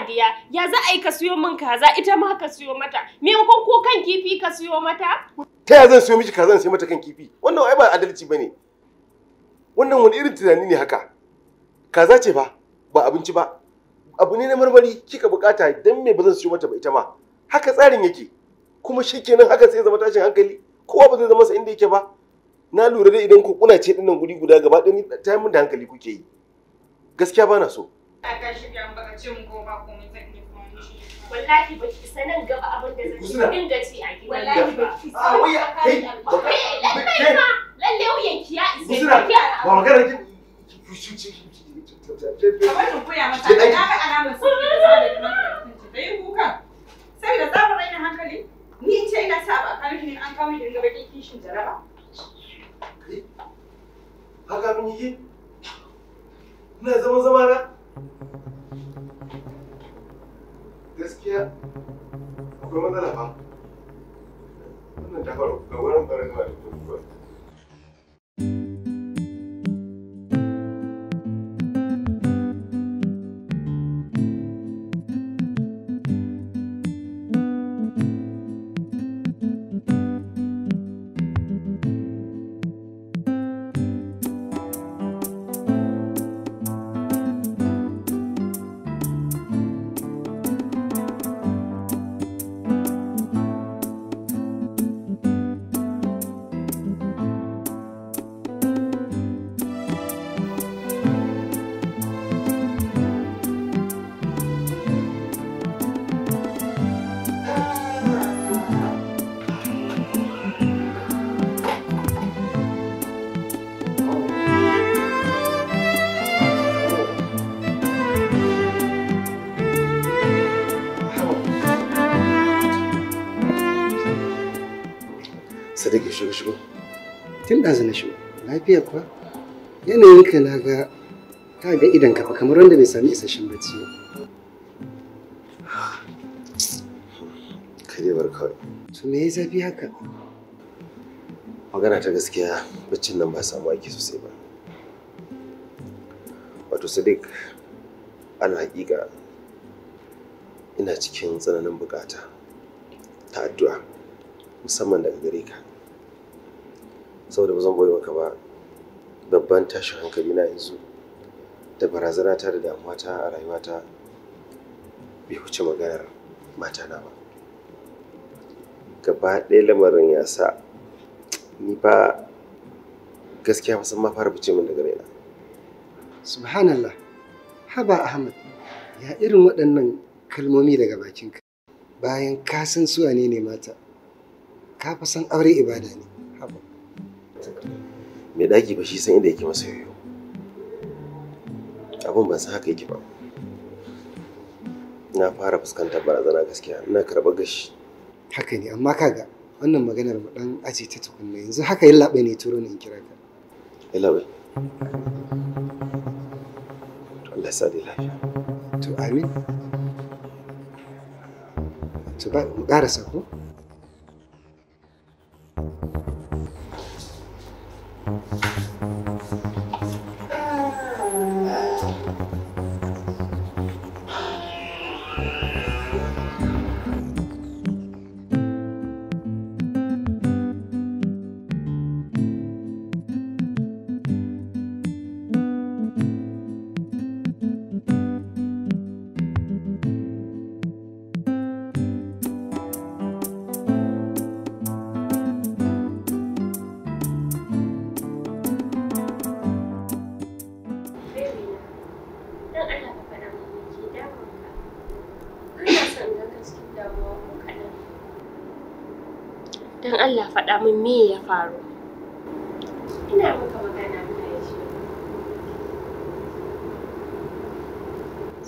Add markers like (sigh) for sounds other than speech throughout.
Diya, ya za a yi ka siyo min kaza ita ma ka siyo mata. Maimakon ko kan kifi ka siyo mata? Ta ya zan siyo miki kaza sai mata kan kifi? Wannan ai ba adalci bane. Wannan wani irin tunani ne haka? Kaza ce ba ba abinci ba. Abu ne na marmari kika bukata dan me ba zan siyo mata ba ita ma. Haka tsarin yake. Kuma shikenan haka sai zama tashin hankali. Kowa ba zai zama sa inda yake ba. Na lura da idan ku kuna ce dinnan guri guda gaba ɗaya ta min da hankali kuke yi. Gaskiya ba na so. ta ka shirya baka ce ko ba komai zan iya wallahi ba ki sanan gaba abin da zan yi dinga ci a gidan wallahi ba ki a wuya kai lalle ba lalle wuyan ki ya isa ki ba magana ki ki ci kamar in koya mata na ga alamar sun yi da yi kuka saboda tsabar rainin hankali ni ce ina sa ba kan ne an kawo ni dinga bakin kishin jaraba haka mun yi ina zama zama na gaskiya akwai matsala fa wannan ta ga wurin barin da kuma shigo shigo tun ɗazu na shigo lafiya kuwa yanayinka na ga ta ga idan ka kamar wanda bai sami isasshen bacci ba kai bar kawai to me zafi haka magana ta gaskiya baccin nan ba samu aiki sosai ba wato sadiq ana hakika ina cikin tsananin bukata ta addu'a musamman daga gare ka saboda ba zan boye maka ba babban tashin hankali na yanzu da barazana ta da damuwa ta a rayuwata bai wuce maganar matana ba gaba ɗaya lamarin ya sa ni ba gaskiya ba san ma fara fice min daga raina subhanallah haba ahmad ya irin waɗannan kalmomi daga bakinka bayan ka san suwa ne mata ka fa san aure ibada ne mai ɗaki ba shi san inda yake masa yoyo abin ban san haka yake ba na fara fuskantar barazana gaskiya ina karɓar gashi haka ne amma kaga wannan maganar mu dan aje ta tukunna yanzu haka yallaɓai ne turo ne in kira ka To Allah sa dai lafiya to amin to ba mu ƙarasa ko Thank you. dan Allah faɗa min me ya faru ina maka magana muna ya shi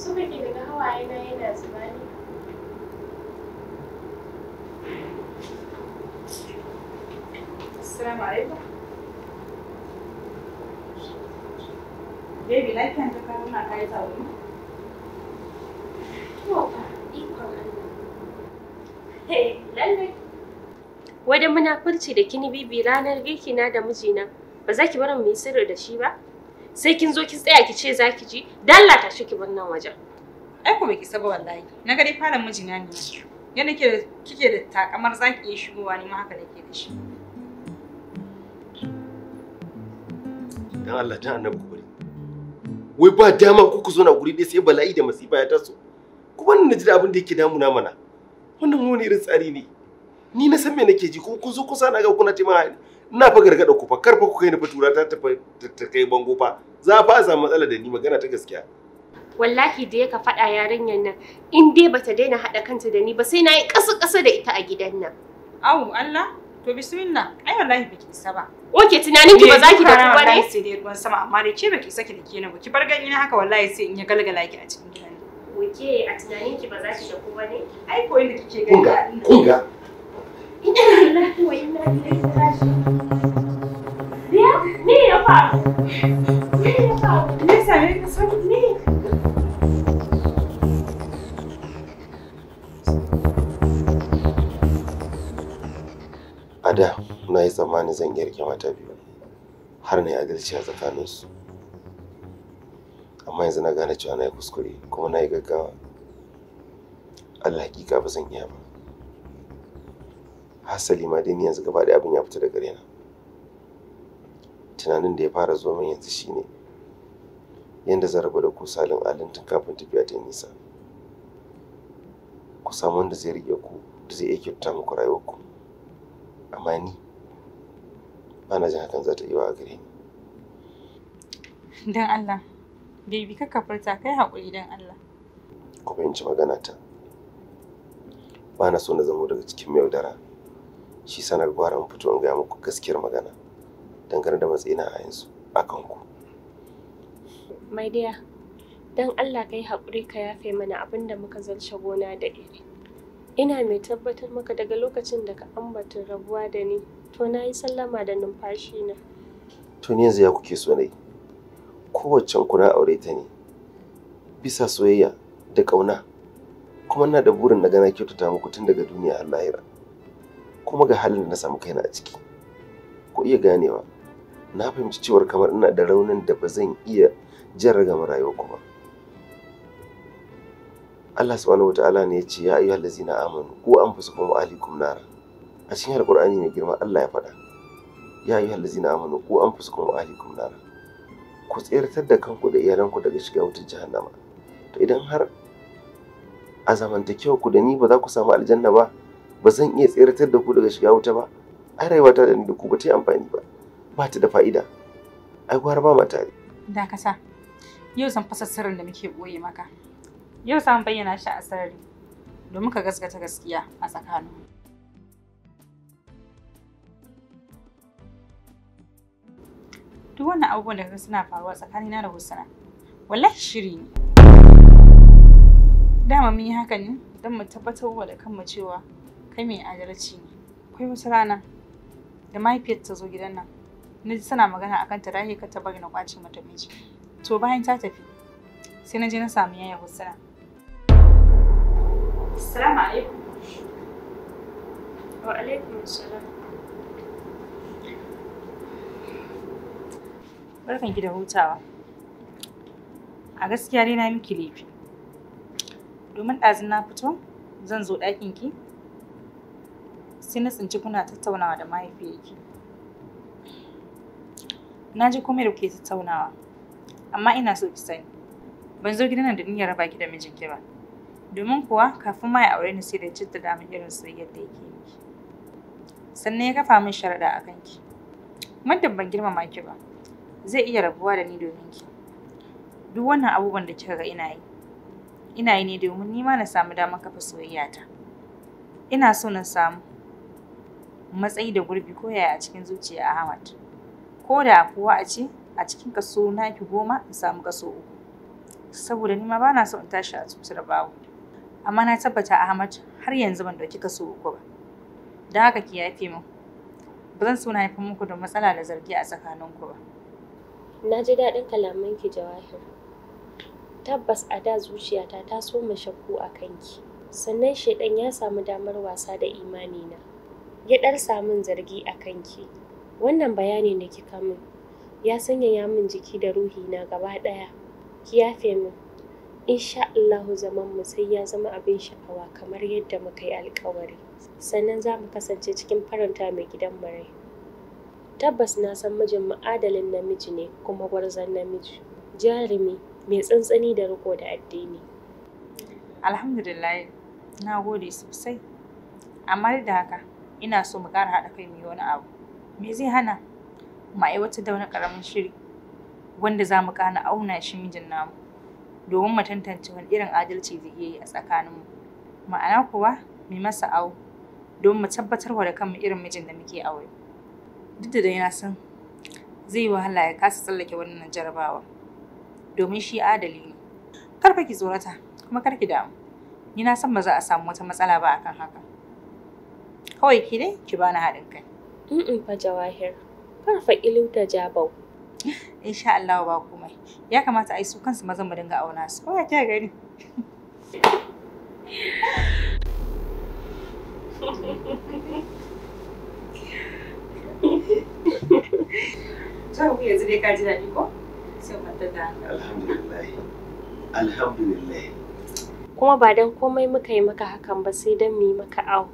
sube ki daga hawaye na yana zuba ne Assalamu alaikum. Baby, like kan ta kawo na kai ta wuri To, ikon Allah. Hey, lalle muna munafurci da kini bibi ranar girki na da mijina ba za ki bar mu yi sirri da shi ba sai kin zo kin tsaya ki ce za ki ji dalla ta shi ki bar nan wajen ai kuma ki saba wallahi na ga dai fara mijina ne yana ke kike da takamar za ki iya shigowa ne ma haka nake da shi dan Allah dan annabi ku bari wai ba dama ku ku zo na guri dai sai bala'i da masifa ya taso kuma na ji da abin da yake damuna mana wannan wani irin tsari ne ni na san me nake ji kuma kun zo kusa na ga kuna tima ina fa gargada ku fa kar fa ku kai ni fa tura ta ta kai bango fa za fa samu matsala da ni magana ta gaskiya wallahi da ya ka faɗa yarinyar nan in dai bata daina haɗa kanta da ni ba sai na yi ƙasa ƙasa da ita a gidan nan awu Allah to bismillah ai wallahi baki isa ba oke tunanin ki ba za ki da ku bane sai dai ruwan sama amma dai ke baki saki da kenan ba ki bar gani haka wallahi sai in ya galgala ki a cikin gidan oke a tunanin ki ba za ki da ku bane ai ko inda kike gani kunga kunga ada na yi tsammani zan iya rike mata biyu har na yi adalci a tsakaninsu amma yanzu na gane cewa na yi kuskure kuma na yi gaggawa allah hakika ba zan iya ba hasali ma dai ni yanzu gaba abin ya fita daga rena tunanin da ya fara zuwa min yanzu shine yanda zan rabu da ku salin alin tun kafin tafiya ta nisa ku samu wanda zai rike ku da zai iya kyauta muku rayuwarku amma ni ba na jin hakan za ta iya wa gare ni don Allah baby ka furta kai haƙuri don Allah ku fahimci magana ta ba na so na zamo daga cikin mai yaudara shi sanar gwara mu fito in gaya muku gaskiyar magana dangane da matsayina a yanzu a kanku. Mai dear, don Allah kai hakuri haƙuri ka yafe mana abin da muka zarce gona da iri. Ina mai tabbatar maka daga lokacin da ka ambata rabuwa da ni, to na yi sallama da numfashi na. To ni yanzu ya kuke so ne, kowace kuna aure ta ne, bisa soyayya da ƙauna, kuma na da burin na gana kyautata muku tun daga duniya har lahira. kuma ga halin da na samu kaina a ciki ku iya ganewa na fahimci cewar kamar ina da raunin da ba zan iya jan ragamar rayuwa ku ba Allah subhanahu wata'ala ne ya ce ya ayyuhal ladzina amanu ku anfusukum wa ahlikum nar a cikin alqur'ani mai girma Allah ya faɗa ya ayyuhal ladzina amanu ku anfusukum wa ahlikum nar ku tsirtar da kanku da iyalanku daga shiga wutar jahannama to idan har a zamantakewa ku da ni ba za ku samu aljanna ba ba zan iya tseratar da ku daga shiga wuta ba ai rayuwa ta da da ku ba ta yi amfani ba ba ta da fa'ida ai gwara ba mata ne da ka sa yau zan fasa sirrin da muke boye maka yau san bayyana shi a sarari domin ka gaskata gaskiya a tsakanin duk wannan abubuwan da kaga suna faruwa tsakanina da husana wallahi shiri ne dama mun yi haka ne don mu tabbatar wa da kanmu cewa kai mai adalci ne akwai wata rana da mahaifiyar ta zo gidan nan na ji tana magana akan ta rahe ka ta bari na kwace mata miji to bayan ta tafi sai na je na samu yaya wasu assalamu alaikum wa alaikum assalam barkan ki da hutawa a gaskiya dai na miki laifi domin ɗazun na fito zan zo ɗakin ki sai na tsinci kuna tattaunawa da mahaifiyarki na ji komai da kuke tattaunawa amma ina so ki sani ban zo gidan nan da niyyar raba ki da mijinki ba domin kuwa kafin ma ya aure ni sai da citta da min irin su yadda yake miki sannan ya kafa min sharaɗa a kanki muddin ban girmama ki ba zai iya rabuwa da ni domin ki duk wannan abubuwan da kika ga ina yi ina yi ne domin ni ma na samu damar kafa soyayya ta. ina so na samu matsayi da gurbi ko yaya a cikin zuciya Ahmad. Ko da kuwa a ce a cikin kaso naki goma in samu kaso uku. Saboda ni ma ba na so in tashi a da bawo. Amma na tabbata Ahmad har yanzu ban ɗauki kaso uku ba. Da haka ki yafe min. Ba zan so na haifar muku da matsala da zargi a tsakaninku ba. Na ji daɗin kalamanki Jawahir. Tabbas a da zuciyata ta so mu shakku a kanki. Sannan shaidan ya samu damar wasa da imanina. na. ya ɗarsa zargi a kanki wannan bayanin da kika min ya sanya ya min jiki da ruhi na gaba ɗaya ki yafe min insha Allahu zaman mu sai ya zama abin sha'awa kamar yadda muka yi alkawari sannan za mu kasance cikin faranta mai gidan mu tabbas na san mijin ma'adalin namiji ne kuma gwarzon namiji jarumi mai tsantsani da riko da addini alhamdulillah na gode sosai amma da haka ina so mu ƙara haɗa kai mu yi wani abu me zai hana mu aiwata da wani ƙaramin shiri wanda za mu ƙana auna shi mijin namu domin mu tantance wani irin adalci da iya yi a tsakaninmu ma'ana kuwa mu masa au, don mu tabbatar wa da kanmu irin mijin da muke aure duk da dai na san zai wahala ya kasa tsallake wannan jarabawa domin shi adali ne karfa ki tsorata kuma kar ki damu ni na san ba za a samu wata matsala ba akan haka Kawai ki dai ki bani haɗin kai. In fa Jawahir. Farfa iluta jabau. (laughs) Insha Allah ba komai. Ya kamata a yi su kansu mazan mu dinga auna su. Kawai ta gani. Jawo (laughs) yanzu dai ka ji daɗi ko? Sai da Alhamdulillah. Alhamdulillah. Kuma ba don komai muka yi maka hakan ba sai don mu yi maka awo.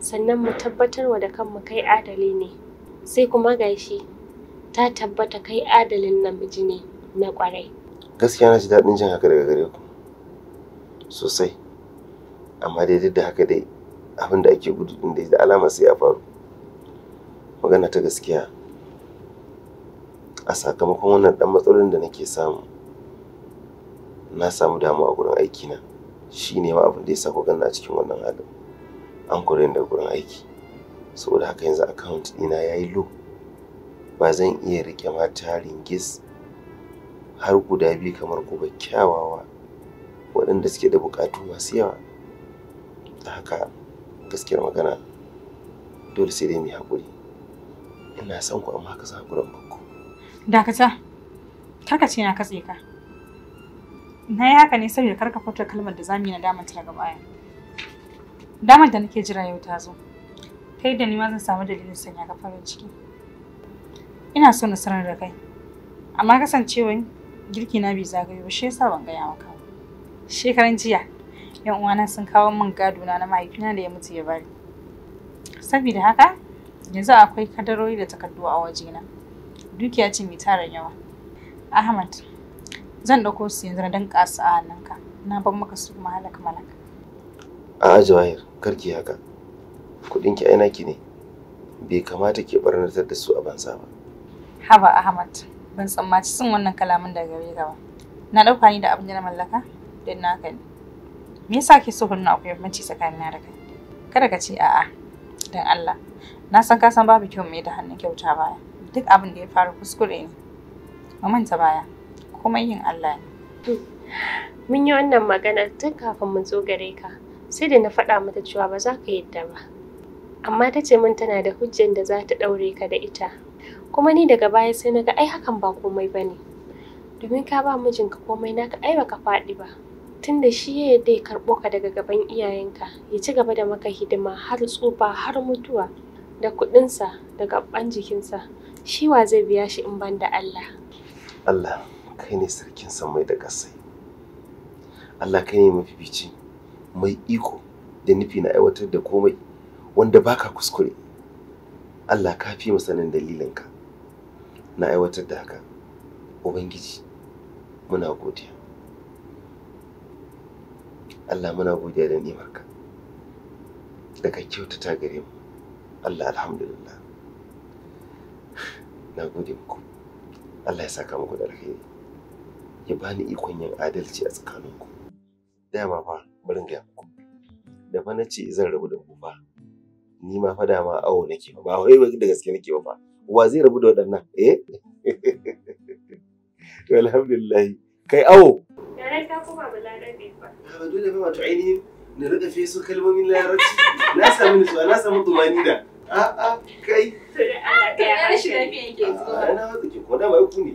sannan mu tabbatar wa da kanmu kai adali ne sai kuma gashi ta tabbata kai adalin namiji ne na kwarai gaskiya na ji daɗin jin haka daga gare ku sosai amma dai duk da haka dai abin da ake gudu din da alama sai ya faru magana ta gaskiya a sakamakon wannan dan matsalolin da nake samu na samu damuwa a gurin shi shine ma abin da ya sa ku ganna a cikin wannan halin an kore da gurin aiki saboda haka yanzu account ɗina ya yi low ba zan iya riƙe ma tarin gis har guda biyu kamar ku ba kyawawa waɗanda suke da buƙatu masu yawa da haka gaskiyar magana dole sai dai mu haƙuri ina son ku amma ka sa haƙurin bakku dakata karka ce na katse ka na yi haka ne saboda karka furta kalmar da zamu yi na ta daga baya damar da nake jira yau ta zo ta da ni ma zan samu dalilin sanya ka farin ciki ina so na sanar da kai amma kasancewa girki na bai zagayo ba shi yasa ban gaya maka shekaran jiya yan uwana sun kawo min gado na na mahaifina da ya mutu ya bari saboda haka yanzu akwai kadarori da takardu a waje na. dukiya ce mai tarin yawa ahmad zan dauko su yanzu na danka su a hannunka na bar maka su malak malaka A'a Jawahir, karki haka. Kuɗinki aina ki ne. Bai kamata ki barnatar da su a banza ba. Haba Ahmad, ban tsammaci sun wannan kalamin daga gare ka ba. Na dauka ni da abin da na mallaka, don naka ne. Me yasa ke so hunna akwai bambanci tsakanina da kai? Kada ka ce a'a, don Allah. Na san ka san babu kyau mai da hannun kyauta baya. Duk abin da ya fara kuskure ne. a manta baya, komai yin Allah ne. Mun yi wannan magana tun kafin mu zo gare ka. sai da na faɗa mata cewa ba za ka yadda ba amma ta ce min tana da hujjan da za ta ɗaure ka da ita kuma ni daga baya sai na ga ai hakan ba komai ba ne domin ka ba mijinka komai na ka ai ka faɗi ba tunda shi ya yadda ya karɓo ka daga gaban iyayenka ya ci gaba da maka hidima har tsufa har mutuwa da kuɗinsa da gaban jikinsa shi wa zai biya shi in ban da Allah Allah kai ne sarkin samai da ƙasai Allah kai ne mafifici mai iko da nufi na aiwatar da komai wanda baka kuskure Allah ka fi sanin dalilinka na aiwatar da haka ubangiji muna godiya Allah muna godiya da nimarka da ka kyautata gare mu Allah alhamdulillah na gode muku Allah ya saka muku da alheri ya bani ikon yin adalci a tsakaninku dama fa bari gaya muku da fa nace zan rabu da ku fa ni ma fa dama awo nake ba wai wai da gaske nake ba fa wa zai rabu da waɗannan eh (laughs) alhamdulillah kai awo yaran ka kuma balarabe ba ba dole ba wato ainihin na rika feso kalmomin larabci na samu nutsuwa na samu tumani da a'a kai to da Allah ka yarda shi lafiya yake zuwa na wata ke ko da wai ku ne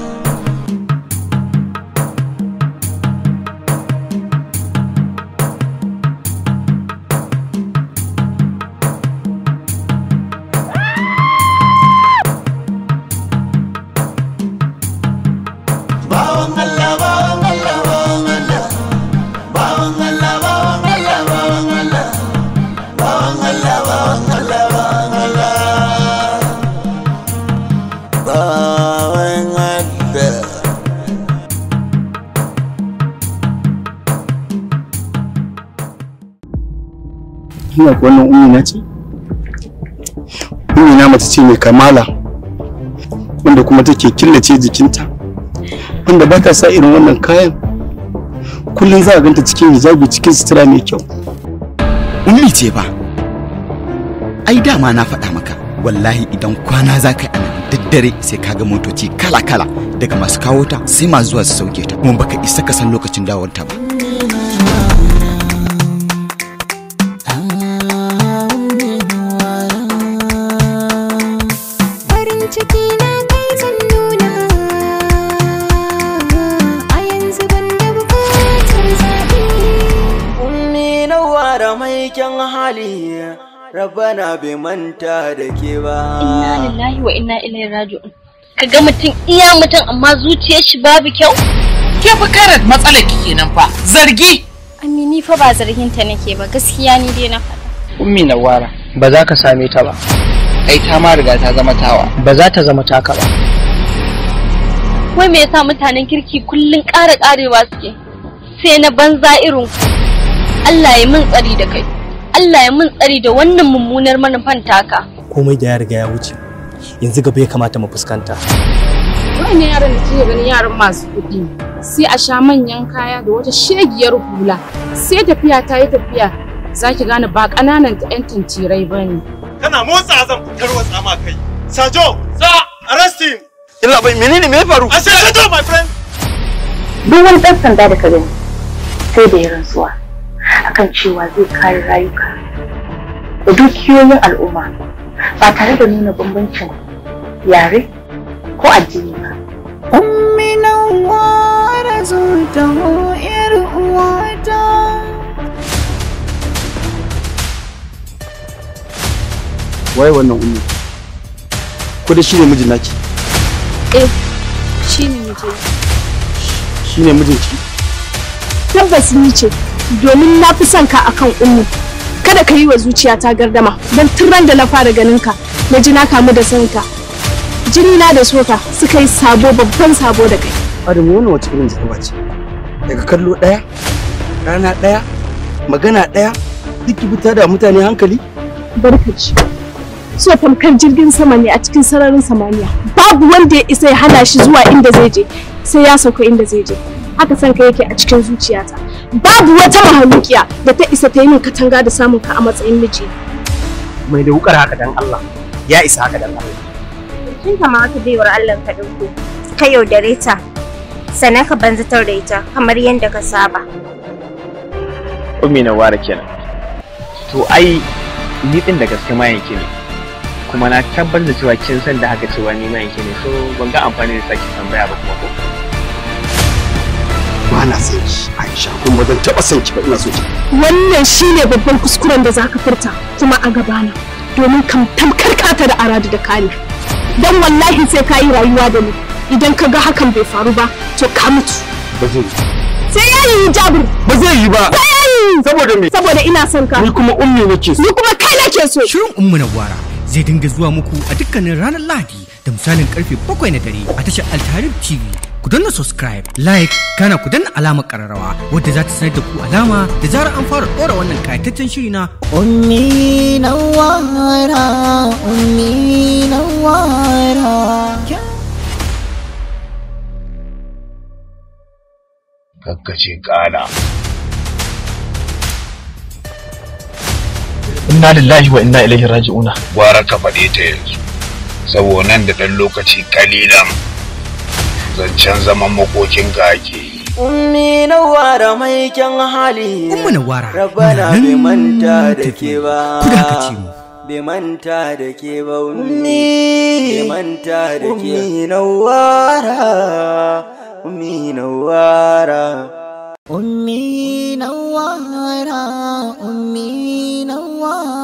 duniya ko wannan ummi na ce ummi na mace ce mai kamala wanda kuma take killace jikinta wanda ba ta sa irin wannan kayan kullum za a ganta cikin hijabi cikin sutura mai kyau ummi ce ba ai dama na faɗa maka wallahi idan kwana za ka ana daddare sai ka ga motoci kala-kala daga masu kawo ta sai masu zuwa su sauke ta kuma baka isa ka san lokacin dawowar ta ba rabana bai manta da ke ba inna lillahi wa inna ilaihi raji'un ka ga mutum iya mutum amma zuciyar shi babu kyau ke fa karat matsalar ki kenan fa zargi amini fa ba zargin ta nake ba gaskiya ni dai na faɗa ummi nawara ba za ka same ta ba ai ta ma riga ta zama tawa ba za ta zama taka ba wai me yasa mutanen kirki kullun ƙara ƙarewa suke sai na banza irin ku Allah ya min tsari da kai Allah ya mun tsari da wannan mummunar manufan taka komai da ya riga ya wuce yanzu gaba ya kamata mu fuskanta wani yaran da kike ganin yaran masu kuɗi sai a sha manyan kaya da wata shegiyar hula sai tafiya ta yi tafiya za ki gane ba ƙananan ta 'yan tantirai ba ne kana motsa zan fitar wa ma kai sajo za arrest illa bai menene me faru a sajo my friend duk wani ɗan sanda da ka gani sai da yi rantsuwa akan cewa zai kare rayuka da dukiyoyin al'umma ba tare da nuna bambancin yare ko addini ba. Ummi nawara zuta yar uwata. Waye wannan ummi? Ko da ne mijin naki? Eh, ne mijin. Shi ne mijin ki? Tabbas ni ce. domin na fi son ka akan ummu kada ka yi wa zuciyata gardama don turan da na fara ganin ka na ji na kamu da son ka jini na da soka suka yi sabo babban sabo da kai adamu wannan wace irin jaraba ce daga kallo ɗaya rana ɗaya magana ɗaya duk fita da mutane hankali barkaci so tamkar jirgin sama ne a cikin sararin samaniya babu wanda ya isa ya hana shi zuwa inda zai je sai ya sauka inda zai je haka san ka yake a cikin zuciyata babu wata mahalukiya da ta isa ta yi min katanga da samun ka a matsayin miji mai da wukar haka dan Allah ya isa haka dan Allah kin ma wata baiwar Allah ka dauko ka yaudare ta sanan ka banzatar da ita kamar yadda ka saba ummi na ware kenan to ai ni din da gaske ma yake ne kuma na tabbatar da cewa kin san da haka cewa ni ma yake ne so ban ga amfani da sake tambaya ba kuma ko Ana son shi Aisha kuma zan taba son ki ba ina so ki wannan shine babban kuskuren da zaka furta kuma a gaba na domin kan tamkar kata da aradu da kare dan wallahi sai ka yi rayuwa da ni idan ka ga hakan bai faru ba to ka mutu ba zai yi sai ya yi jabir ba zai yi ba saboda me saboda ina son ka ni kuma ummi nake so ni kuma kai nake so shirin ummu na gwara zai dinga zuwa muku a dukkanin ranar lahadi da misalin karfe 7 na dare a tashar altarib tv ku danna subscribe like kana ku danna alamar kararrawa wadda za ta sanar da ku alama da zara an fara ɗora wannan kayataccen shiri na ummi nawara ummi nawara kakkace kana inna lillahi wa inna ilaihi raji'una gwara ka faɗe ta yanzu saboda nan da ɗan lokaci kalilan zancen zaman makokin ga ake yi. Ummi na wara mai kyan hali. Ummi na wara. Rabana bai manta da ke ba. Kuda ka ce mu. Bai manta da ke ba ummi. Bai manta da ke. Ummi na wara. Ummi na wara. Ummi na wara. Ummi na wara.